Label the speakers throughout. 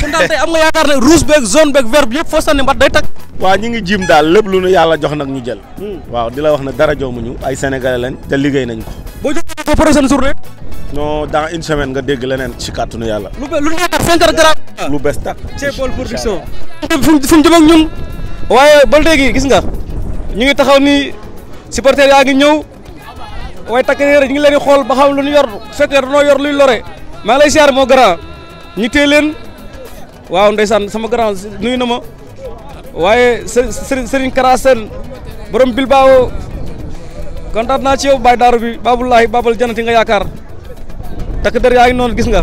Speaker 1: kon daal tey am nga yaakaar ne rouge beeg zone beeg vert bi yëpp foo sànni mbat day tag waaw ñu ngi jiim daal lép lu nu yàlla jox nag ñu jël hmm. waaw di la wax ne dara ñu ay sénégalais lañ te liggéey nañ ko boo joxee ko prochaine journée non dans une semaine nga dégg leneen ci kàttanu yàlla
Speaker 2: lu nee tax cinquante
Speaker 1: grammes lu bees tàq
Speaker 2: chez Baol Production fu mu jëm ak ñun
Speaker 1: waaye ba léegi gis nga
Speaker 2: ñu ngi taxaw ni supporters yaa ngi ñëw waaye takk ñu ngi leen di xool ba xam lu ñu yor fekkee danoo yor luy lore maa lay moo grand ñu waaw ndeysaan sama grand nuyu na ma waaye Serigne Serigne Kara Sène borom Bilbao kontaan naa ci yow Baye Darou bi Baboulaye Babal janati nga yaakaar takk der yaa ngi noonu gis nga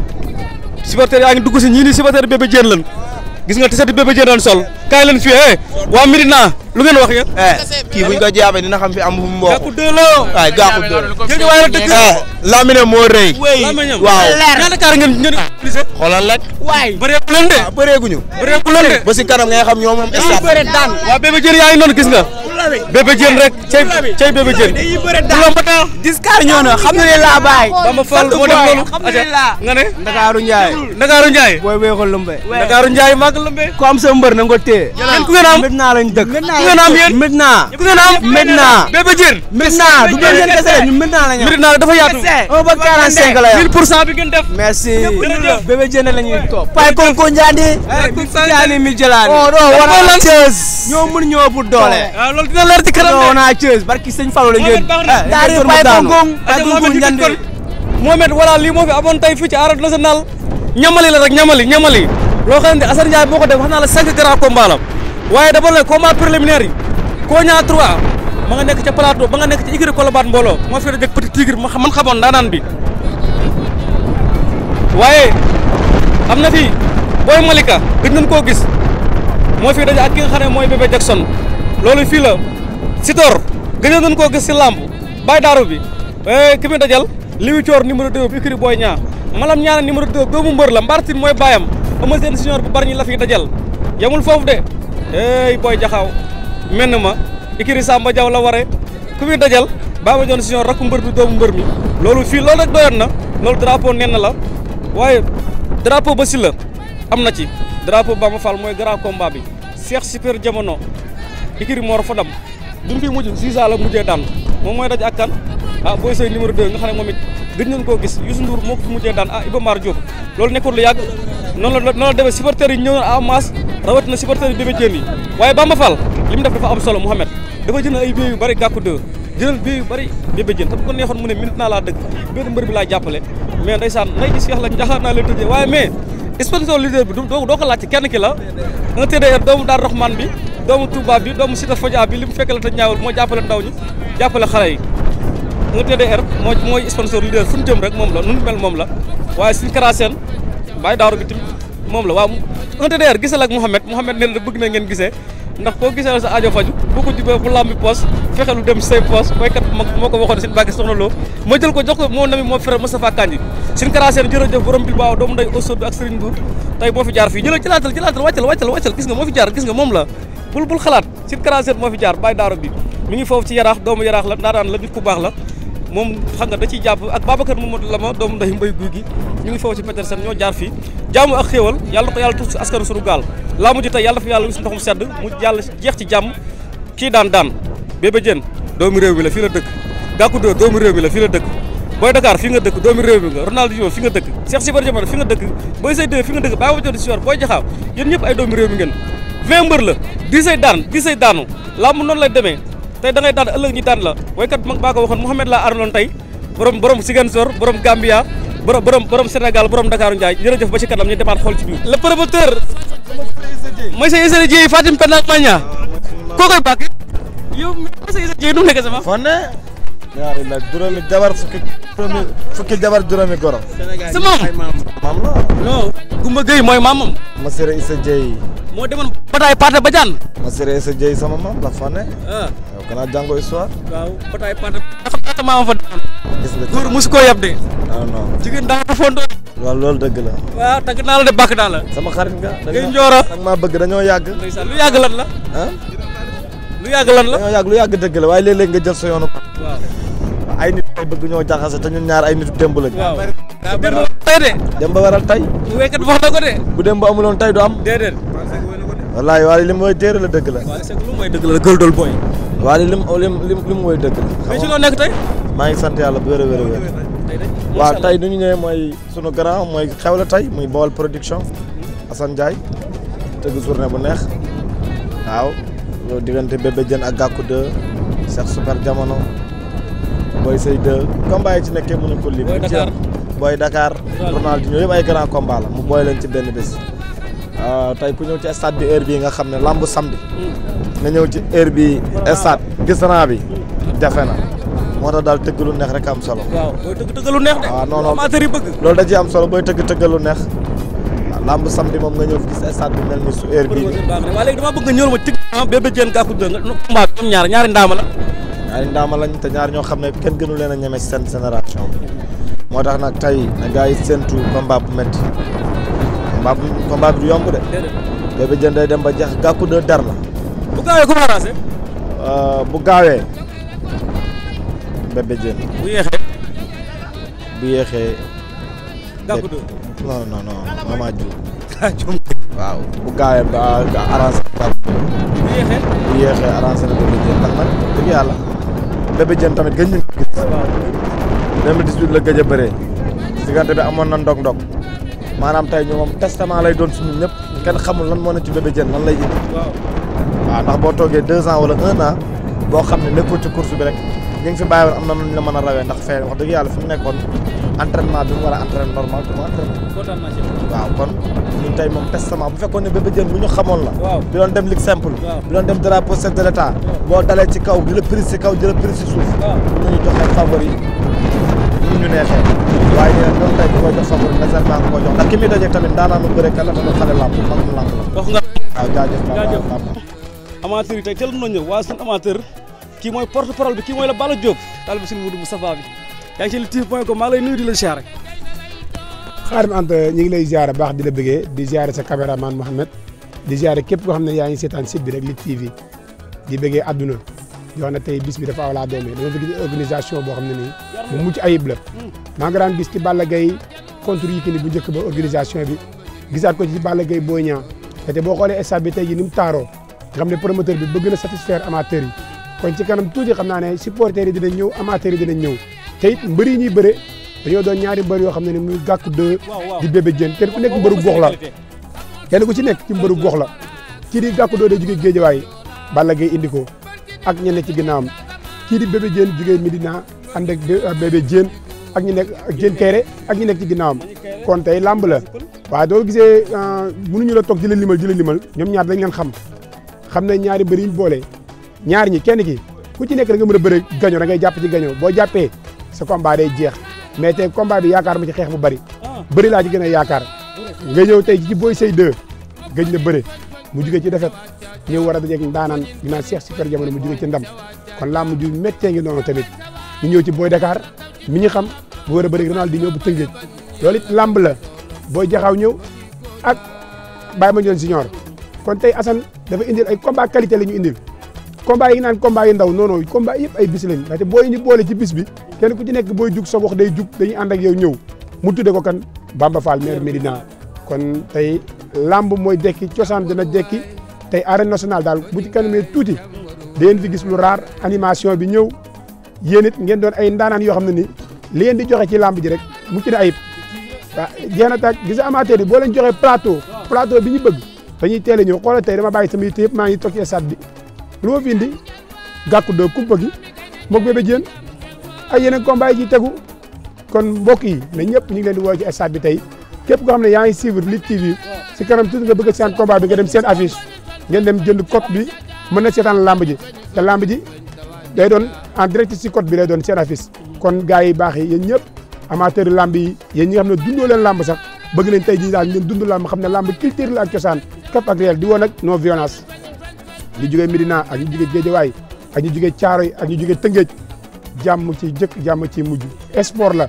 Speaker 2: supporter yaa ngi dugg si ñii nii supporter bébé Diène lan gis nga ti seti bébé Diène lan sol kaay leen fii eh waa Medina lu ngeen wax yéen.
Speaker 1: Eh, kii buñ ko jaabee dina xam fi am fu mu bokk. gàqu deux la waaw gàqu deux. jërëjëf waaye la dëgg la. Lamine moo rëy. waaw ñaata
Speaker 2: kaar ngeen ngeen utilisé.
Speaker 1: xoolal rek. waay bëreeku
Speaker 2: leen de. waaw ah, bëreeguñu. bëreeku leen de. ba si kanam ngay xam ñoo moom. dañuy bëre daan waaw bébé jën yaa ngi noonu gis nga. bébé jën rek cay cay bébé jën. dañuy
Speaker 3: bëre daan bu la gis kaar ñoo na xam
Speaker 2: ne laa bàyyi. ba ma fal moo def loolu. nga ne. Ndakaaru Ndiaye. Ndakaaru Ndiaye. booy weexul lumbe. Ndakaaru Ndiaye màgg lumbe. ku am sa mbër na nga ko téye jëlee. yéen ku ngeen am maintenant lañ dëkk. ku ngeen ku ngeen am maintenant. Bébé Diène. maintenant ñu. maintenant dafa yaatu. un ba quarante cinq la yor. 1000 pour cent bi ngeen def. merci Bébé Diène la ñuy topp. Paye mi jëlaat. oh non war a ñoo mën ñoo bu doole. waaw loolu dina leer ci kanam de. non naa Thiès barki sëñ Fallou la ngeen. taari Paye Konko Paye Konko Ndiané. lii moo fi amoon tey fii ci ñamali la rek ñamali ñamali loo xam ne Assane Ndiaye boo ko def wax naa la cinq grand combat la waaye dama ne combat préliminaire yi Konia 3 ma nga nekk ca plateau ba nga nekk ci igri Kolobaat mbooloo moo fi dajeg petit tigre ma man xamoon daanaan bi waaye am na fi booy Malika gëj nañ koo gis moo fi daje ak ki nga xam ne mooy bébé Jackson loolu fii la Sitor gëj nañ koo gis si làmb Baye Darou bi eh, ki muy dajal Liwi Coor numéro 2 bi ikri Boy Niang malam ñaana numéro 2 doomu mbër la mbaartin mooy baayam Eumeu Sène Junior bu bari ñu la fi dajal yamul foofu de hey booy jaxaw mel na ma ikiri Samba Diaw la waree ku muy dajal Baba Dione Junior rakku mbër bi doomu mbër mi loolu fii loolu rek doyoon na loolu drapeau nen la waaye drapeau ba si la am na ci drapeau Bamba Fall mooy grand combat bi Cheikh Super jamono ikiri Mor Fadam bi mu fi mujj Ziza la mujjee daan moom mooy daj ak kan ah Boy Seye numéro 2 nga xam ne moom it gëj nañ koo gis Youssou Ndour moo ko fi mujjee daan ah Iba Mar loolu nekkul lu yàgg noonu la noonu la yi ñëw na en masse rawatina supporters yi bébé yi waaye Bamba Fall li mu def dafa am solo Mouhamed dafa jënd ay billets yu bëri gàkku deux te bu ko neexoon mu ne minute naa laa dëgg benn mbër bi laa jàppale mais ndeysaan nay gis feex la naa leen tëjee waaye mais sponsor la nga tëddee doomu Touba bi doomu Cité Fadia bi li mu fekkale te ñaawul moo jàppale ndaw ñi jàppale xale yi mu TDR moo mooy sponsor leader fu ñu jëm rek moom la nu mel moom la waaye suñu karaaseen bàyyi daaru bi tamit moom la waaw un TDR gisal ak Mouhamed Mouhamed neen la bëgg na ngeen gisee ndax koo gisee sa aajo faju boo ko jubee bu lambi poos fexe dem say poos béykat moo ko waxoon sin bàgge soxna loo ma jël ko jox moo nami moo moo fi la bul bul xalaat Site 47 moo fi jaar bàyyi daaro bi mi ngi foofu ci yaraax doomu yaraax la ndaanaan la nit ku baax la moom xam nga da ciy jàpp ak Babacar Mamadou Lama doomu nday mbay guy gi ñu ngi foofu ci Petersen ñoo jaar fii jàmm ak xéewal yàlla na ko yàlla tuuti askanu sunu gaal laa mujj tey yàlla fa yàlla wis sedd mu yàlla jeex ci jàmm kii daan daan Bébé Diène doomu réew mi la fii la dëkk Gakou Dóor doomu réew mi la fii la dëkk Boy Dakar fii nga dëkk doomu réew mi nga Ronaldinho fi nga dëkk Cheikh Sibar Diamane fi nga vingt mbër la di say daan di say daanu làmb noonu lay demee tey da ngay daan ëllëg ñi daan la waykat mag baa ko waxoon Mouhamed laa araloon tey borom borom Ziguinchor borom Gambia borom borom borom Sénégal borom Dakar Ndiaye jërëjëf ba ci kanam ñu demaat xool ci biir. le promoteur monsieur Issa Dieye Fatim Penda Magna koo koy bàkk
Speaker 1: yow monsieur Issa Dieye nu mu nekkee sama. fan ne ñaari la premier fukki jabar juróomi goro. sa maam maam la. non Goumba Gueye mooy maamam. Massiré Issa Dieye. moo demoon bataay Pathé Badiane. Massiré Issa Dieye sama maam la fa ne. ah yow kanaa jàngoo histoire.
Speaker 2: waaw bataay Pathé dafa maamam fa daan. gis nga yab de. jigéen daa ko fondoo. waaw loolu dëgg la. waaw tagg naa la de bàkk naa la. sama xarit nga.
Speaker 4: ngay
Speaker 1: njoora nag maa bëgg dañoo yàgg. lu yàgg lan la. ah lu yàgg lan la. dañoo yàgg dëgg la waaye léeg-léeg nga jël sa yoon
Speaker 4: waaw
Speaker 1: tey bëgg ñoo jaxase te ñun ñaar ay nitu démb lañu. waaw démb waral tey. wéykat wax na ko de. bu démb amuloon tey du am. déedéet. wallaahi waaye li mu woy téere la dëgg la. waaye dëgg la gël dool booy. waaye li mu oh, li mu li mu dëgg la. mais ci maa ngi sant yàlla bu wér a wér wér. waaw tey nu ñu ñëwee mooy sunu grand mooy xew la tey muy Baol production Assane Ndiaye tëgg journée bu neex waaw diggante Bébé jën ak gàkku 2 Cheikh Super Jamono. Boy Sey 2 combat ci nekkee mënuñ ko lim. Boy Dakar Boy Dakar. Ronaldinho yëpp ay grand combat la mu booy leen ci benn bés. Ah, tey ku ñëw ci stade bi heure bii nga xam ne lambu samedi. Hmm. nga ñëw ci heure bii stade gis naa bi jafe na. moo tax daal tëgg lu neex rek am solo. waaw booy tëgg tëgg lu neex de. waaw ah, non non amateur yi bëgg. loolu da ciy am solo booy tëgg tëgg lu neex. lamb samedi moom nga ñëw gis stade bi mel ni su heure bii. waaw léegi dama bëgg nga ñëw ma tëgg. ah Bébé Diène Gackou nga combat ñoom ñaar ñaari ay ndaama lañ te ñaar ñoo xam ne kenn gënu leen a ñeme seen génération bi moo tax nag tey na gars yi séntu combat bu métti combat bu yomb de. Bébé Diène day dem ba jeex gàkku dar la.
Speaker 2: bu gaawee ku arrangé.
Speaker 1: Euh, bu gaawee yéexee. bu yéexee. gàkku de non non non maman ah, waaw bu gaawee ba arrangé. bu yéexee bu yéexee arrangé na Bébé Diène ndax nag dëgg yàlla. Bébé Diène tamit gëj ngi ko gis. 2018 la gëj a bëree. diggante bi amoon na ndog-ndog. maanaam tey ñu moom testament lay doon suñu ñëpp kenn xamul lan moo ne ci Bébé Diène lan lay indi. waaw ndax boo toogee deux ans wala un an boo xam ne nekkul ci course bi rek ñu ngi fi bàyyi woon am na nu ñu la mën a rawee ndax fee wax dëgg yàlla fi mu nekkoon entraînement bi mu war a entraîné normalement waaw kon. tey moom testament bu fekkoon ne Bébé Diène mu ñu xamoon la bi doon dem ligue bi doon dem drapeau chef de l'état boo dalee ci kaw jëla prise ci kaw jëla prise ci suuf bu ñu joxee favori ñu ñu neexee waaye nee na doon tey bu koy jox favori nécessairement nga koy jox ndax ki muy dajee tamit daanaa nu bëre kan la tamit xale làmb mag mu làmb la waaw jaajëf jaajëf
Speaker 5: amateur yi ñëw waaye suñu amateur
Speaker 2: kii mooy porte parole bi kii mooy la Balla Diop taalibe suñu Mudu Moustapha bi yaa ngi ci Lutte TV point com maa lay
Speaker 6: nuyu Khadim Anta ñu ngi lay ziar baax di la bëggee di ziar sa caméraman Mouhamed di ziar képp koo xam ne yaa ngi seetaan site bi rek li TV di bëggee adduna di na tey bis bi dafa awlaa doomee dama bëgg organisation boo xam ne nii bu mucc ayib la maa ngi gis ci Balla Gaye contre Yékini bu njëkk ba organisation bi gis gisaat ko ci Balla Gaye Boy Niang te boo xoolee stade bi tey ji ni mu taaroo xam ne promoteur bi bëgg na satisfaire amateur yi kon ci kanam tuuti naa ne supporters yi dinañ ñëw amateurs yi dinañ ñëw te it mbëri dañoo doon ñaari mbër yoo xam ne ni muy gàkku deux di bébé jën kenn ku nekk mbëru gox la kenn ku ci nekk ci mbëru gox la kii di gàkku de day jógee géejawaay Balla Gaye indi ko ak ñeneen ci ginnaawam kii di bébé jën jógee Medina ànd ak bébé jën ak ñu nekk ak jën ak ñu nekk ci ginnaawam kon tey làmb la waaye doo gisee euh, ñu la toog di la limal di la limal ñoom ñaar dañ leen xam xam na ñaari mbër yi ñu boole ñaar ñi kenn ki ku ci nekk da nga mën a bëre gaño da ngay jàpp ci gaño boo jàppee sa combat day jeex mais tey combat bi yaakaar ma ci xeex bu bëri ah. bëri laa ci gën a yaakaar nga ñëw tey ci Boy Seye 2 gëj na bëre mu jugee ci defet ñëw war a dajeeg ndaanaan dinaa Cheikh Super Jamono mu jugee ci ndam kon laa mujj méttee ngi noonu tamit ñu ñëw ci Boy dakaar mi ñu xam bu war a bëri Ronaldo di ñëw bu tëngéej loolu it làmb la Boy Jaxaw ñëw ak ma Baye si Junior kon tey Assane dafa indil ay combat qualité la ñu indil combat yi naan combat yi ndaw non non combat yëpp ay bis lañ ndaxte booy ñu boole ci bis bi kenn ku ci nekk booy jug sa day jug dañuy ànd ak yow ñëw mu tudde ko kan Bamba Fall maire Médina kon tey lamb mooy dekki cosaan dina dekki tey arène national daal bu ci kanamee tuuti da ngeen fi gis lu raar animation bi ñëw yéen it ngeen doon ay ndaanaan yoo xam ne ni li ngeen di joxe ci lamb ji rek mu ci ne ayib waaw jeex na taag gis amateur yi boo leen joxee plateau plateau bi ñu bëgg dañuy teel a ñëw xoolal tey dama bàyyi sama yëpp maa ngi toog ci bi lu ma fi indi gàkku doo kumpa gi moog bébé jeen ak yeneen combat yi ci tegu kon mbokk yi ne ñëpp ñu ngi di woo ci stade bi tey képp koo xam ne yaa ngi suivre Lutte TV si kanam tuuti nga bëgg a seen bi nga dem seen affiche ngeen dem jënd code bi mën na seetaan lamb ji te lamb ji day doon en direct si code bi lay doon seen affiche kon gars yi baax yéen ñëpp amateur lamb yi yéen ñi nga xam ne dundoo leen lamb sax bëgg nañ tey jii daal ngeen dund lamb xam na lamb culture la ak cosaan cap ak ñu jugee Médina ak ñu jugee Guédiawaye ak ñu jugee Thiaroye ak ñu jugee Tëngéej jàmm ci jëkk jàmm ci mujj sport la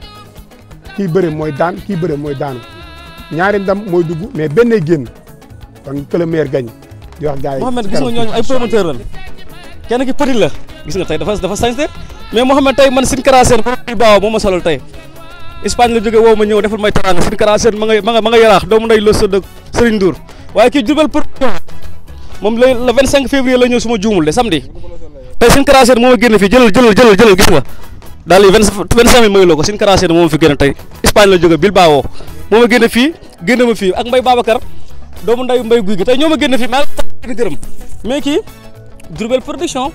Speaker 6: kii bëri mooy daan kii bëri mooy daanu ñaari ndam mooy dugg mais benn génn kon que le meilleur gagne di wax gars yi. Mouhamed gis nga ñooñu ay promoteur lan kenn ki petit la
Speaker 2: gis nga tey dafa dafa sañse mais Mouhamed tey man sin karaaseen produit baaw moo ma solal tey Espagne la jóge woo ma ñëw defal may teraanga sin karaaseen ma nga ma nga ma nga yaraax doomu nday loso de Serigne Ndour waaye kii Jurbel production moom le le vingt cinq février la ñëw suma juumul de samedi tey seen caractère moo ma génne fii jëlal jëlal jëlal jëlal gis nga daal yi vingt cinq mille mayloo ko seen caractère moo ma fi la jóge Bilbao moo ma génne fii génne ma fii ak Mbaye Babacar doomu nday Mbaye guy gi tey ñoo ma génne fii maa ngi gërëm mais kii Diourbel production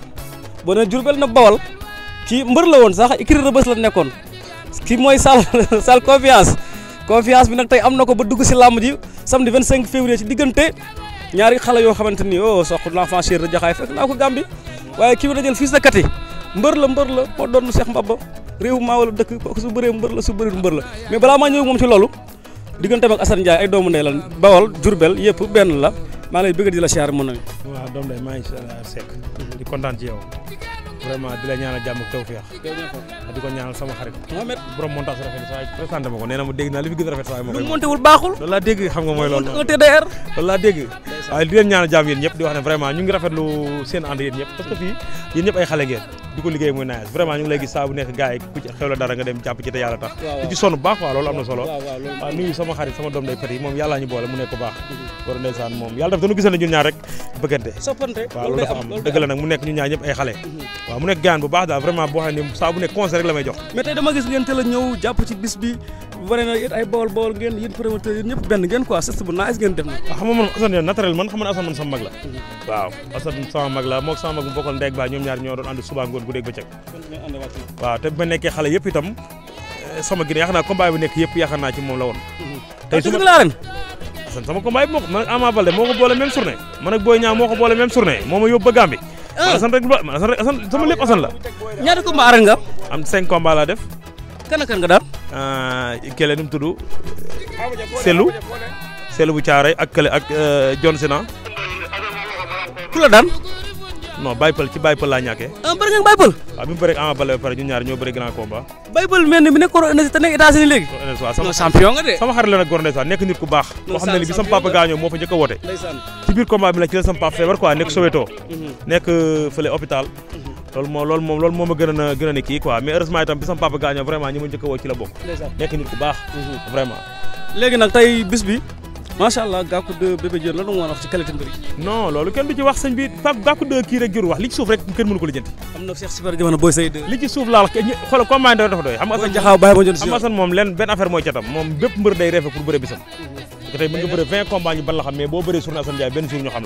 Speaker 2: boo nee Diourbel na bawal kii mbër la woon sax écrit rëbës la nekkoon kii mooy sal sal confiance confiance bi nag tey am na ko ba dugg si làmb ji samedi 25 février ci diggante ñaari xale yoo xamante ni oh soq l'enfant chéri de Jaxaay fekk naa ko Gàmbi waaye kii bi dajal fils de Kati mbër la mbër la moo doon Cheikh Mbaba réew maa wala dëkk kooku su bëree mbër la su bëri mbër la mais balaa maa moom ci loolu digganteem ak Assane Ndiaye ay doomu ndey lan Bawol Jurbel yëpp
Speaker 5: benn la maa lay bëgg di la siyaar mën nañu. waaw doom maa ngi Seck di kontaan ci yow vraiment di la ñaanal jàmm ak tawfeex di ko ñaanal sama xarit Mohamed borom montage rafet saa yi présenté ma ko nee na dégg naa li fi gën a rafet saa yi ma koy monté wul baaxul loolu laa dégg xam nga mooy loolu loolu laa dégg waaye di leen ñaanal jàmm yéen ñëpp di wax ne vraiment ñu ngi rafetlu seen ànd yéen ñëpp parce que fii yéen ñëpp ay xale ngeen di ko liggéey muy nice vraiment ñu ngi lay gis saa nekk gars yi ku ci xew la dara nga dem jàpp ci te yàlla tax di ci sonn baax quoi loolu am na solo waaw nuyu sama xarit sama doom day petit moom yàllaa ñu boole mu nekk baax war mm-hmm. ndeysaan moom yàlla daf dañu gisal ñun ñaar rek bëggante waaw loolu dafa am dëgg la nag mu nekk ñun ñaar ñëpp ay xale mm-hmm. waaw mu nekk gaan bu baax daal vraiment boo xam ne nekk concert rek la may jox mais tey wane na yéen ay bawol bawol ngeen yéen promoteurs yéen ñëpp benn ngeen ah, na mm-hmm. waaw ba nekkee xale yëpp itam eh, sama gine yaakaar naa combat bi nekk yëpp yaakaar naa ci moom la woon mm-hmm. tey su la ren Assane sama combat bi moo ko man ak Ama Baldé moo ko boole même journée moo ma yóbbu ba Gambie euh. Assane rek Assane sama lépp Assane la
Speaker 2: ñaata combat aren nga
Speaker 5: am cinq combat laa def kan nga daan Euh, kële nu mu tudd Selu Selu bu Caaray ak kële ak euh, John Sina. ku la daan. non Baypal ci Baypal laa ñàkkee.
Speaker 2: ah bëri ngeen Baypal.
Speaker 5: waaw ah, bi mu bëree Ama Baldé ba pare ñun ñaar ñoo bëri grand combat.
Speaker 2: Baypal mel ni bi nekkoon Indonésie nekk États-Unis
Speaker 5: léegi. non champion sama xarit nag góor ndeysaan nekk nit ku baax. boo xam ne ni sama papa gaañoo moo fa njëkk woote. ci biir bi la ci la sama papa feebar quoi nekk Soweto. Mhm. nekk fële hôpital. Mhm. loolu moo loolu moom loolu moo ma gën a gën a ne kii quoi mais heureusement itam bi sama papa gaañoo vraiment ñi ma woo ci la bokk nekk nit ku baax mhm. vraiment loolu kenn du ci wax sëñ bi Pape Gackou kii rek jur wax li ci suuf rek kenn mënu ko lijjanti li ci suuf laa wax xoolal combat dafa doy xam nga Assane moom leen benn affaire mooy catam moom bépp mbër day refe pour bëre bisam mhm. tey mën nga bëre 20 combat ban la xam mais boo bëree sur na Assane Ndiaye benn jour ñu xam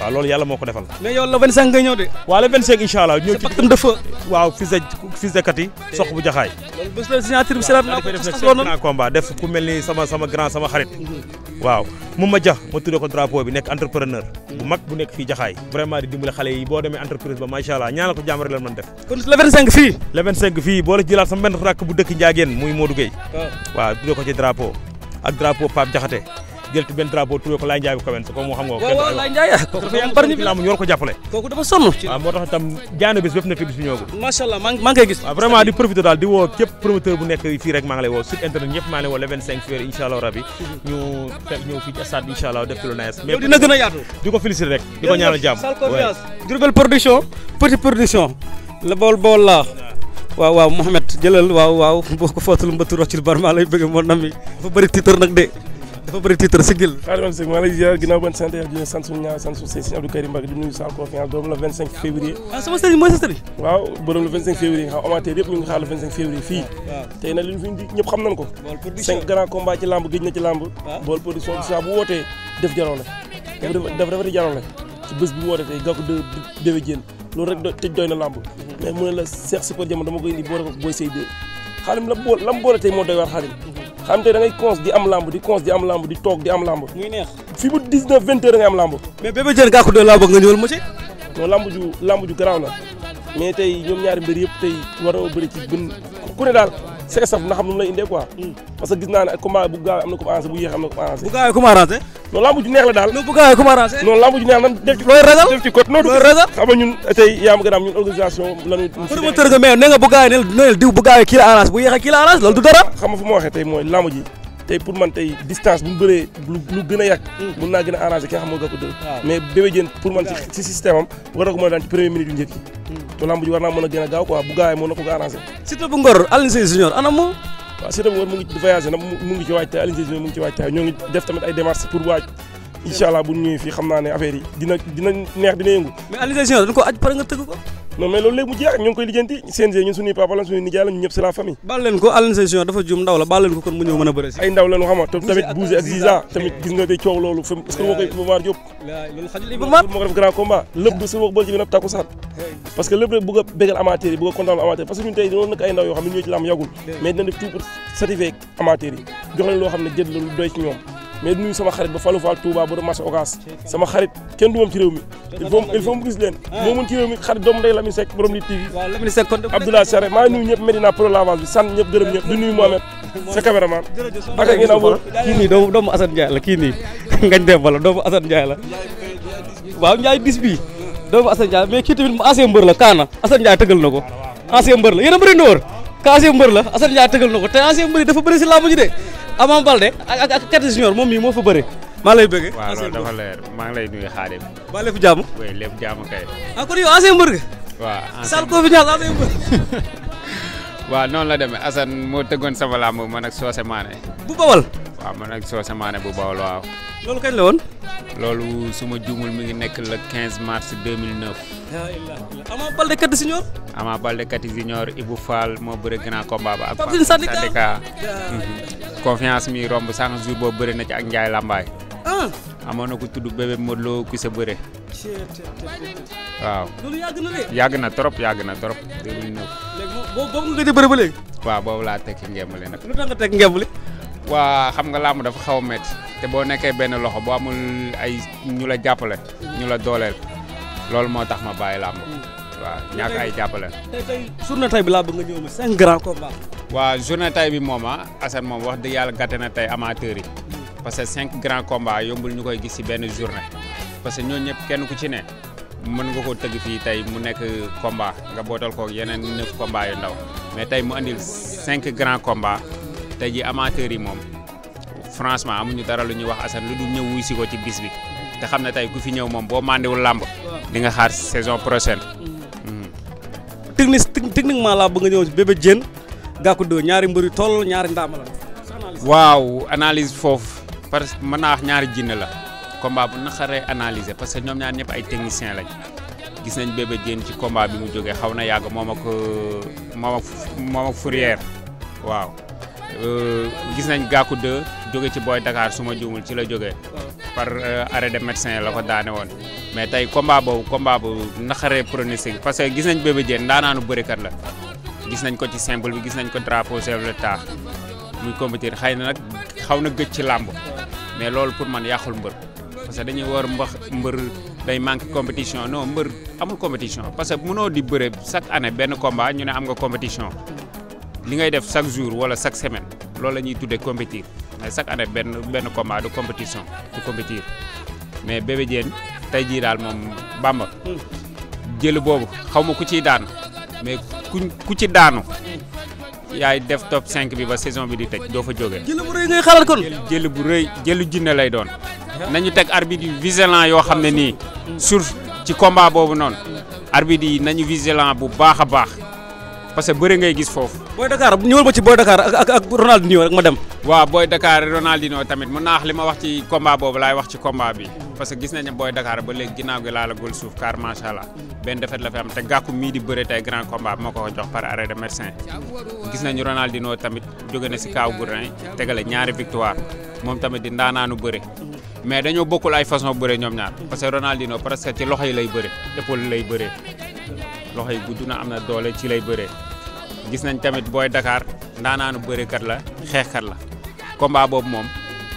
Speaker 5: waaw loolu yàlla moo ko defal. mais yow le 25 ngay ñëw de. waaw le 25 incha allah ñëw ci pactum de feu. waaw fils de sox bu jaxaay. loolu bés la signature bi siraat naa ko sax loolu naa combat def ku mel ni sama sama grand sama xarit. waaw mu ma jax ma tuddee ko drapeau bi nekk entrepreneur. bu mag bu nekk fii jaxaay. vraiment di dimbale xale yi boo demee entreprise ba macha allah ñaanal ko jàmm rek lan mën def. kon le 25 fii. le 25 fii boo la jëlaat sama benn rakk bu dëkk Ndiagéen muy Modou Gueye. waaw waaw ko ci drapeau ak drapeau Pape Diakhaté jël ci benn drapeau tuwee ko Laye Ndiaye bu Kawens ko waaw Laye Ndiaye kooku dafa am parmi bi ko jàppale kooku dafa gis waaw di profité daal di woo képp promoteur bu nekk fii rek maa lay woo site a yaatu di ko féliciter rek di ko ñaanal jàmm
Speaker 2: Diourbel production petite production la bool bool la waaw waaw jëlal waaw waaw boo ko footalu mbëtt
Speaker 7: roccil bar maa lay bëgg moo nami dafa bëri tiitër nag de dafa bëri titre sigil xaaral sëñ maa lay ziar ginnaaw ban sant yàlla di sant suñu ñaar sant suñu sëñ Abdou Karim Mbacke nuyu sa confiance doom la 25 février ah fii tey nag li ñu fi indi ñëpp xam nañ ko cinq grands combats ci lamb gëj na ci lamb ah. bool production saa bu wootee def jaroole daf rafeti jaroole ci bés bi mu wootee tey gàkku déwé jéen loolu rek tëj doy na lamb mhm. mais mu ne la Cheikh Super Jamono dama koy indi boole ko Boy Sey 2 xaalim la bool xam te da ngay cons di am lamb di cons di am lamb di toog di am lamb. fii ba 19 20 heures ngay am lamb. mais Bébé Diène nga ñëwal ma ci. non la mais tey ñoom ñaari mbër yëpp tey war a bëri ci bën daal sa staff na xam nu lay indee quoi. Hmm. parce que gis naa ne bu gaaw am na ko bu yéex am na ko bu gaaw comment arrangé. non lambu ju neex la daal. nu bu gaawee ku ma arrangé. neex la ñuy. promoteur la du dara. xam nga fu ma waxee tey mooy lambu tey pour man tey distance bu bëree lu gën a yàgg. mën hmm. naa gën a arrangé ki xam moo gën ko dëgg. mais Bébé Diène pour man ci système am war ko mën a ci première minute yu njëkk yi. Hmm. war naa mën a gën a gaaw quoi bu gaawee mën na ko arrangé. surtout bu ngor Alioune Sèye Junior ana mu waaw Siteu war mu ngi voyagé nag mu ngi ci waajtaay Alioune Sèye mu ngi ci waajtaay ñoo ngi def tamit ay démarches pour waaj incha bu ñu ñëwee xam naa ne affaire yi dina dina neex dina yëngu. mais Alioune Sèye ko aj pare nga tëgg ko. non mais loolu léegi mu jeex koy lijjanti CNG ñun suñuy papa la suñuy nijaay la ñun ñëpp c'est la famille baal ko Aline dafa juum ndaw la baal ko kon mu ñëw mën a bëre si ay ndaw lañu xam tamit Bouzy ak Ziza tamit gis nga day coow loolu fa est-ce koy Iba Mar Diop
Speaker 4: moo ko def grand
Speaker 7: combat lépp du sa wax bëri ci benn takkusaan kontaan amateur parce ñun tey dañoo nekk ay ndaw yoo xam ne ñoo ci lam yàggul mais dinañ def tout pour loo xam ne jël mais nuyu sama xarit ba Fallou Fall Touba ba marché Ocass sama xarit kenn du moom ci il faut mu gis leen ah. moo xarit doomu ndey Lamine Seck borom nit TV Abdoulaye Sarr maa ngi nuyu ñëpp Medina Pro Lavage bi sant ñëpp gërëm ñëpp du nuyu Mohamed sa caméraman ak ak ngeen
Speaker 2: kaana Assane Ndiaye tëggal na ko ancien mbër la yéen a mbëri ndóor ka ancien mbër la Assane Ndiaye tëggal na ko te ancien mbër dafa bëri si làmb ji de Ama Baldé ak ak Kati Junior moom mii moo fa bëri.
Speaker 8: maa lay bëgg. waaw loolu dafa leer maa ngi lay nuyu Xaadim. maa lépp jàmm. oui lépp jàmm kay.
Speaker 2: ah kon yow ancien mbër nga.
Speaker 8: waaw ancien Sall Confiance ancien mbër. waaw noonu la demee Assane moo tëggoon sama làmb man ak Socé Mané. bu bawal. waaw man ak Socé Mané bu bawal waaw. loolu kañ la woon. loolu su ma juumul mi ngi nekk le 15 mars 2009.
Speaker 2: Ama Balde Kati Junior.
Speaker 8: Ama Balde moo bëri grand combat ba ak. Papine Sandika ah. ah. confiance mi romb sànq jour boobu bëri na ci ak njaay Lambaay. Ah. amoon na ko tudd ku sa bëre. waaw. loolu na trop yàgg na trop. ba léegi. waaw boobu laa tekki ngemb li nag. lu tax nga tekki waa xam nga làmb dafa xaw a te boo nekkee benn loxo boo amul ay ñu la jàppale. ñu la dooleel. loolu moo tax ma bàyyi làmb mm. waaw ñàkk ay jàppale.
Speaker 2: tey tey journée tey bi laa bëgg nga ñëw ma cinq grands combats.
Speaker 8: waaw journée tey bi moom ah Assane moom wax dëgg yàlla gàtte na tey amateurs yi. Mm. parce que cinq grands combats yombul ñu koy gis ci benn journée. parce que ñoo ñëpp kenn ku ci ne mën nga ko tëgg fii tey mu nekk combat nga bootal ko yeneen neuf combats yu ndaw mais tey mu indil cinq grands komba tey ji amateurs yi moom franchement amuñu dara lu ñuy wax Assane lu du ñëw wuy si ko ci bis te xam ne tey ku fi ñëw moom boo màndiwul làmb di nga xaar saison prochaine. Mm-hmm.
Speaker 2: Mm-hmm. technique techniquement laa bëgg nga ñëw ci Bébé Diène Gackou 2 ñaari mbër yu toll ñaari ndaama la.
Speaker 8: waaw analyse foofu parce que mën naa wax ñaari jinne la combat bu naqaree analyser parce que ñoom ñaar ñëpp ay technicien lañ gis nañ Bébé Diène ci combat bi mu jógee xaw na yàgg moom ak moom ak moom ak Fourière waaw euh, gis nañ Gackou 2 jóge ci Boy Dakar su ma juumul ci la jógee par euh, arrêt de médecin la ko daane woon mais tey combat boobu combat bu naxaree pronostic parce que gis nañ Bébé Diène ndaanaanu bërikat la gis nañ ko ci simple bi gis nañ ko drapeau chef de l'État muy compétir xay na nag xaw na gëj ci làmb mais loolu pour man yàqul mbër parce que dañuy war mbax mbër day manqué compétition non mbër amul compétition parce que mënoo di bëre chaque année benn combat ñu ne am nga compétition li ngay def chaque jour wala chaque semaine loolu la ñuy tuddee compétir mais chaque benn benn combat du compétition du compétir mais Bébé Diène tey jii daal moom Bamba. jël boobu xaw ma ku ciy daanu mais ku ku ci daanu. yaay def top 5 bi ba saison bi di tëj doo fa jógee. jël bu rëy jël jinne lay doon. nañu teg arbitre yu vigilant yoo xam ne nii. sur ci combat boobu noon arbitre yi nañu vigilant bu baax a baax. parce que bëri ngay gis foofu. Boy Dakar ñëwal ma ci Boy Dakar ak ak ak rek ma dem. waaw Boy Dakar Ronaldinho tamit mën naa li ma wax ci combat boobu laay wax ci combat bi. parce que gis nañu ne Boy Dakar ba léegi ginnaaw la gol suuf car macha allah benn defet la fi am te gàkku mii tamit jóge na si kaw Gourdin tegale ñaari victoire moom tamit di ndaanaanu bëre. mais dañoo bokkul ay façon bëre ñoom ñaar parce que Ronaldinho presque ci loxo yi lay bëre épaule lay bëre. loxo yi gudd na am na doole ci lay bëree gis nañ tamit booy dakaar Dakar ndaanaanu bëreekat la xeexkat la combat boobu moom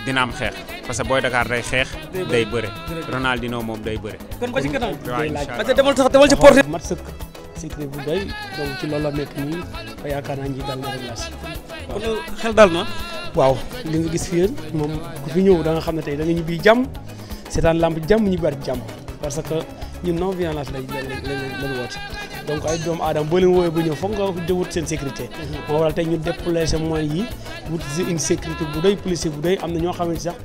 Speaker 8: dina am xeex parce que booy Dakar day xeex day bëre Ronaldinho moom day bëre. kon ba ci kanam waaw incha allah demal sax demal ci porté.
Speaker 2: mat sëkk
Speaker 4: sécurité bu doy donc ci loolu la nekk nii ba yaakaar naa nji dal na rek laas. waaw xel dal na. waaw li nga gis fii moom ku fi ñëw da nga xam ne tey da nga ñibbi jàmm seetaan lamb jàmm ñibbaat jàmm parce que. ñun non violence lañ lañ woote donc ay doomu aadama boo leen wooyee bu ñëw foog nga wut seen sécurité mhm. moo waral tey ñu déplacer moyens yi wut une sécurité bu doy policier bu doy am na ñoo xamante sax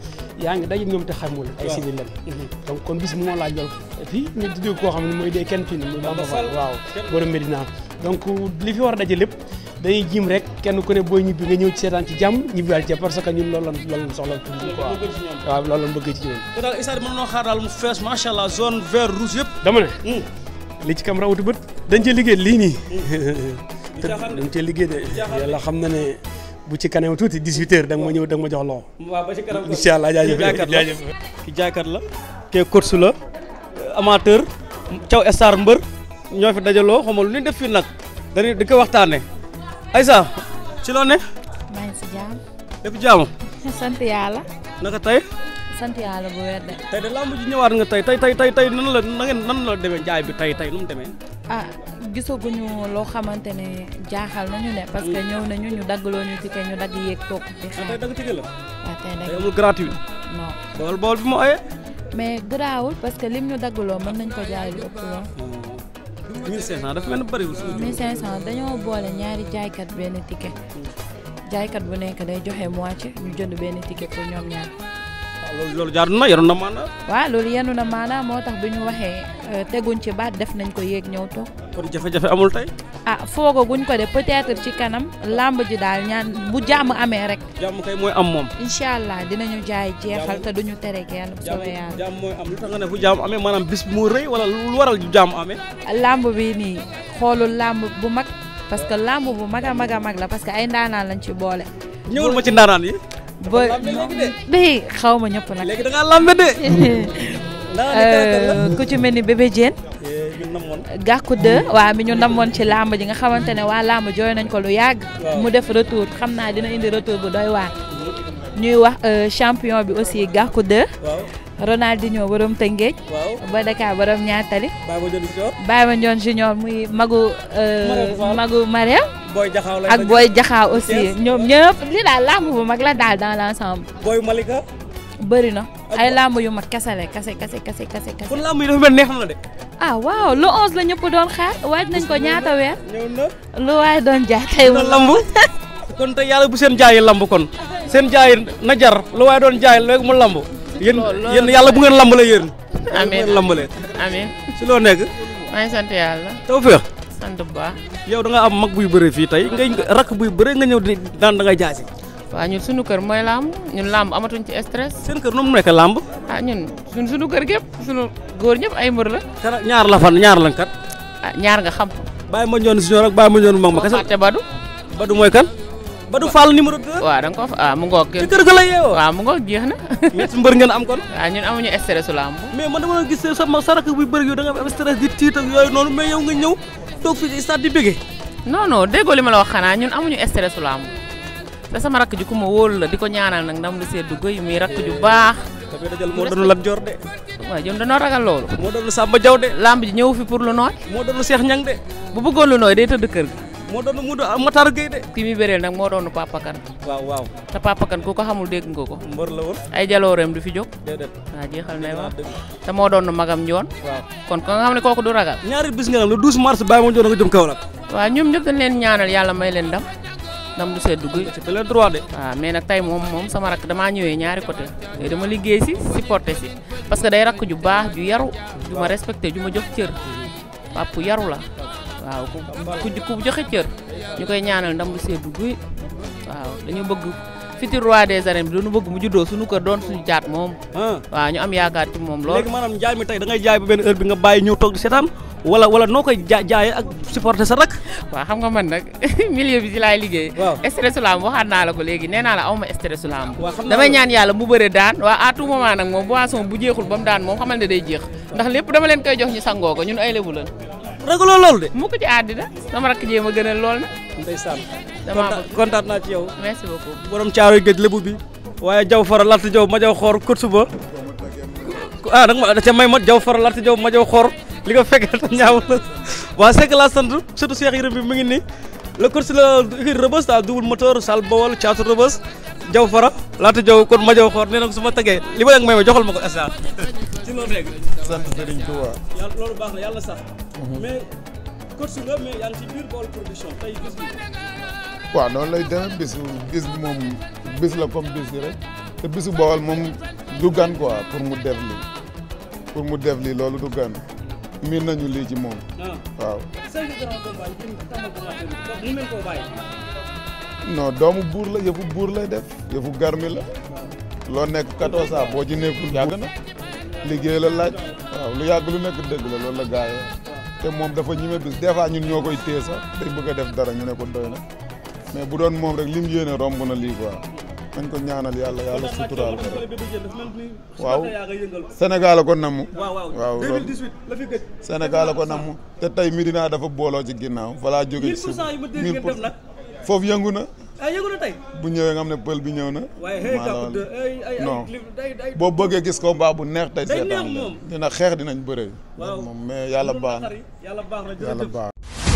Speaker 4: yaa ngi daje ñoom te xamul ay civil lañ mhm. donc kon bis mu moo laaj lool fii ñu tuddee koo xam ne mooy dee kenn fii ni muy Bamba Fall waaw borom Medina donc li fi war a daje lépp dañuy jiim rek kenn ku ne booy ñibbi nga ñëw ci seetaan ci jàmm ñibbiwaat ci parce que ñun loolu lan loolu lan soxla toujours quoi waaw loolu lan
Speaker 2: bëgg mu fees macha allah zone vert rouge yëpp dama ne hmm. li ci kam rawatu bët
Speaker 4: dañ cee liggéey lii nii hmm. dañ cee liggéey de la xam na ne bu ci kanam tuuti 18 heures da ma ñëw da ma jox loxo waaw ba ci kanam incha allah jaajëf jaajëf
Speaker 2: ki jaaykat la kee coach la amateur caw star mbër ñoo fi dajaloo xaw ma lu ñu def fii nag dañuy di ko waxtaanee Aïssa ci loo ne. maa ngi si jàmm. lépp jàmm.
Speaker 9: sant yàlla. tey. sant yàlla bu wér de.
Speaker 2: tey de lamb ji ñëwaat nga tey tey tey tey tey nan la nan la demee jaay bi tey tey nu mu demee.
Speaker 9: ah gisaguñu loo xamante ne jaaxal nañu ne. parce que mm. ñëw nañu ñu daggaloo ñu ticket ñu dagg yeeg toog. di ah, xaar tey dagg ticket la. waaw ah, tey
Speaker 2: dagg amul gratuit. non bool bool bi mu ayee.
Speaker 9: mais garaawul parce que lim ñu daggaloo mën nañ ko jaay lu ëpp lool.
Speaker 2: Oh. 1500
Speaker 9: dafa mel ni bëriwul su 1500 dañoo boole ñaari jaaykat benn ticket jaaykat bu nekk day joxe moitié ñu jënd benn ticket pour ñoom ñaar.
Speaker 2: Ah, loolu loolu jaadu na yenu na maanaam.
Speaker 9: waaw loolu yenu na maanaam moo tax bi ñu waxee euh, teguñ ci baat def nañ ko yéeg ñëw toog. pour
Speaker 2: jafe-jafe amul tey.
Speaker 9: ah foogaguñ ko de peut ci kanam làmb ji daal ñaan bu jàmm amee rek.
Speaker 2: jàmm kay mooy am moom.
Speaker 9: incha allah dinañu jaay jeexal te duñu tere kenn. soobee yàlla
Speaker 2: jàmm mooy lu tax nga ne bu jàmm amee maanaam bis mu rëy wala lu waral jàmm amee.
Speaker 9: làmb bi nii xoolul làmb bu mag parce que làmb bu mag a mag la parce que ay ndaanaan lañ ci boole.
Speaker 2: ñëwul ma ci ndaanaan yi.
Speaker 9: ba xaw ma ñëpp nag. léegi da ngaa de. Euh, ku ci mel ni bébé gàkku 2 waaw mi ñu namoon ci làmb ji nga xamante ne waa làmb jooy nañ ko lu yàgg mu def retour xam naa dina indi retour bu doy waar ñuy wax euh, champion bi aussi gàkku 2 Ronaldinho borom Tëngéej ba Dakar borom ñaatali Baye Mandione Junior muy magu euh, magu Marème
Speaker 3: ak Boy Jaxaaw aussi
Speaker 9: ñoom ñëpp li daal làmb bu mag la daal dans l' ensemble Boy Malika bëri ay lamb yu mag kese la kase kese kese kese. kon lamb
Speaker 2: yi dafa mel neex na de.
Speaker 9: ah waaw lu 11 la ñëpp doon xaar waaj nañ ko ñaata weer. ñëw na lu waay doon jaay tey mu lamb
Speaker 2: kon tey yàlla bu seen jaayi lamb kon seen jaayi na jar lu waay doon jaay léegi mu lamb. yéen yéen yàlla bu ngeen lamb la yéen. amiin ngeen si loo nekk.
Speaker 3: maa ngi sant yàlla. tawfeex. sant baax. yow da nga am mag buy bëre fii tey ngay rakk buy bëri nga ñëw di daan da nga jaasi. waaw ñun suñu kër mooy làmb ñun làmb amatuñ ci stress. seen kër nu mu nekk làmb. Ah, suñu kër gépp suñu góor ñëpp ay mbër la.
Speaker 2: ñaar la fan ñaar lañ kat.
Speaker 3: ah ñaar nga xam.
Speaker 2: bàyyi ma ñoon si ñoom rek bàyyi ma ñoon mag ma kese. fàtte Badou. Badou mooy kan. Badou ah,
Speaker 3: na. ñett mbër ngeen am kon. waaw ah, ñun amuñu stressu làmb. mais man dama gis sama sarak buy bëri yow da nga am stress di tiit ak yooyu noonu mais yow nga ñëw toog fii ci di bëgge. non déggoo li ma la wax xanaa ñun amuñu stressu làmb te sama rakk ji ku ma wóolu la di ko ñaanal nag ndam lu seddu guy muy rakk ju baax. Kabira moo doon Lat Joor de. waaw ñun dañoo ragal loolu. moo doon Samba Jaw de. fi pour lu nooy. moo doon Cheikh bu bëggoon lu nooy day tëdd kër gi. moo doon Moudou Matar Gueye ki muy bëreel moo doon Papa Kane. waaw waaw. te Papa Kane ku ko xamul dégg nga ko. mbër la woon. ay jalooreem du fi jóg. déedéet jeexal na waaw. te moo doon magam njoon. waaw kon ko nga xam ne kooku du ragal. ñaari bis nga ne le 12
Speaker 2: mars bàyyi ma njoon nga jëm Kaolack.
Speaker 3: waaw ñoom ñëpp dañ leen ñaanal yàlla may leen dam ndam du sedd guy. waaw ah, mais nag tey moom moom sama rakk damaa ñëwee ñaari côté tey dama liggéey si supporté si parce que day rakk ju baax ju yaru ju ma respecté ju ma jox cër pap yaru la waaw ku ku joxe cër ñu koy ñaanal ndam du sedd guy waaw dañu bëgg futur roi des arènes bi dañu bëgg mu juddoo suñu kër doon suñu jaat moom. Ah. waaw ñu am yaakaar ci moom lool. léegi tey da ngay jaay ba benn heure bi nga bàyyi ñëw toog di seetaan. wala wala noo koy jaa jaay ak supporter sa rak. waaw xam nga man nag milieu bi ci laay liggéey. waaw la lamb waxaat naa la ko léegi nee naa la aw ma stressu lamb. damay ñaan yàlla mu bëre daan waaw à tout moment nag moom boisson bu jeexul ba mu jeex ndax lépp dama leen koy jox ñu sangoo ko ñun ay lebu lan. ragaloo loolu de. mu ko ci àddina sama rakk jéem a gënal lool na. ndeysaan damaa kontaan naa ci yow. merci beaucoup.
Speaker 2: borom caaroy géej lebu bi. waaye jaw fara lart jaw ma jaw xoor kër suba ah nag ma ca may ma jaw fara lart jaw ma jaw xoor li nga fekk a ñaawul la waa Seck laa sant surtout Cheikh Yérim bi mu ngi nii le course la équipe Rebeuss daal double moteur Sall Bawol caatu Rebeuss jaw fara laata jaw kon ma jaw xoor nee na su ma tegee li ma leen may ma joxal ma ko instant. ci loolu
Speaker 10: rek. sant Serigne Touba. yàlla loolu baax mhm. waaw noonu lay demee bisu bis bi la comme bis rek te bisu Bawol moom du gan quoi pour mu def lii mu def lii loolu du gan. miin nañu lii ci moom. waaw. non doomu buur la yëfu buur lay def yëfu garmi la. loo nekk 14 ans boo ci yàgg na liggéey la laaj. waaw lu yàgg lu nekk dëgg la loolu la gars yi te moom dafa ñime bis des ñu ñun ñoo koy téye sax day bëgg a def dara ñu ne ko doy na mais bu doon moom rek lim yéene romb na lii quoi. nañ ko ñaanal yàlla yàlla suturaal ko waaw Sénégal ko namm waaw loolu
Speaker 2: Sénégal ko namm
Speaker 10: te tey Médina dafa booloo ci ginnaaw falaa jóge foofu yëngu na ah, bu ñëwee nga xam ne pël bi ñëw na maa boo bëggee gis ko mbaa bu neex tey seetaan dina xeex dinañ bëre moom mais yàlla baax yàlla baax